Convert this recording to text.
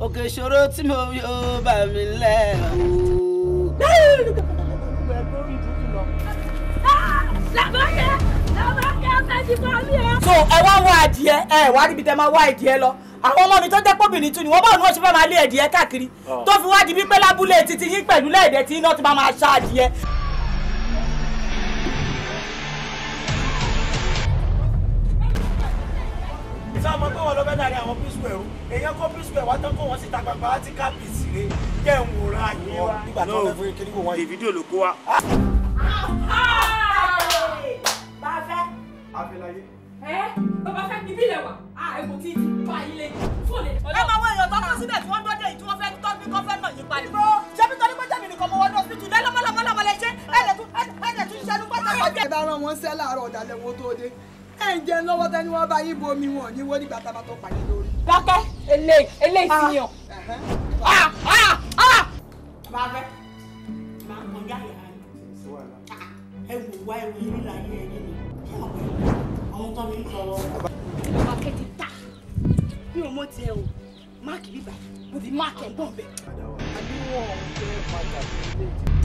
òkè ìṣòro tí mo yóò bà mí lẹ̀ so ẹ wá wá adìẹ ẹ wá níbi tẹ máa wá adìẹ lọ àwọn ọmọ mi tó jẹ́ pọ́bìnrin tún ni wọ́n bá òun ṣe fẹ́ máa lé ẹ̀dìẹ káàkiri ah. tó fi wá di wípé lábúlé títí yín pẹ̀lú lẹ́ẹ̀dẹ̀ tí iná ti máa máa ṣá adìẹ. sọ ma pé wọn dárí àwọn píṣùpẹ̀ ẹ̀rú èèyàn kó píṣùpẹ̀ wá tán kó wọ́n síta gbàgbà láti kábíyèsí rẹ̀ jẹ́ ń wòran àyè wọn nígbà tó lọ fún kiri kò wọ́n yìí. Davido ló kó wa. Ah! bá a fẹ́. àfẹláyé. ẹ bàbá fẹ́ ibi ilẹ̀ wà á èkó tí ì bá ilé fóònù. ẹ máa wọ èèyàn tó kọ síbẹ̀ tí wọ́n dọ́dẹ yìí tí wọ́n fẹ́ tọ́ bí kọ́ fẹ́ nà yí padì. ṣebí torí pé jẹ́mi nìkan mo wọ lọ síbi tù ẹ̀ ń jẹun lọ́wọ́ tẹ́ni wọ́n bá yín bo omi wọn ní wọ́n nígbà tá a bá tó pàdé lórí. dákẹ́ eléyìí eléyìí ti yàn. Ah, ah, ah, máa fẹ́ máa kọjá yàrá ẹ wò wá ẹ wò yín láyé ẹ yín ni àwọn tó mi kọ. bàbá kẹ́tì ta mi ò mọ tiẹ̀ o máàkì bíbá mo fi máàkì ẹ̀ bọ̀ bẹ́ẹ̀. àdéhùn ọ̀hún jẹ́ pàtàkì ilé ìtura.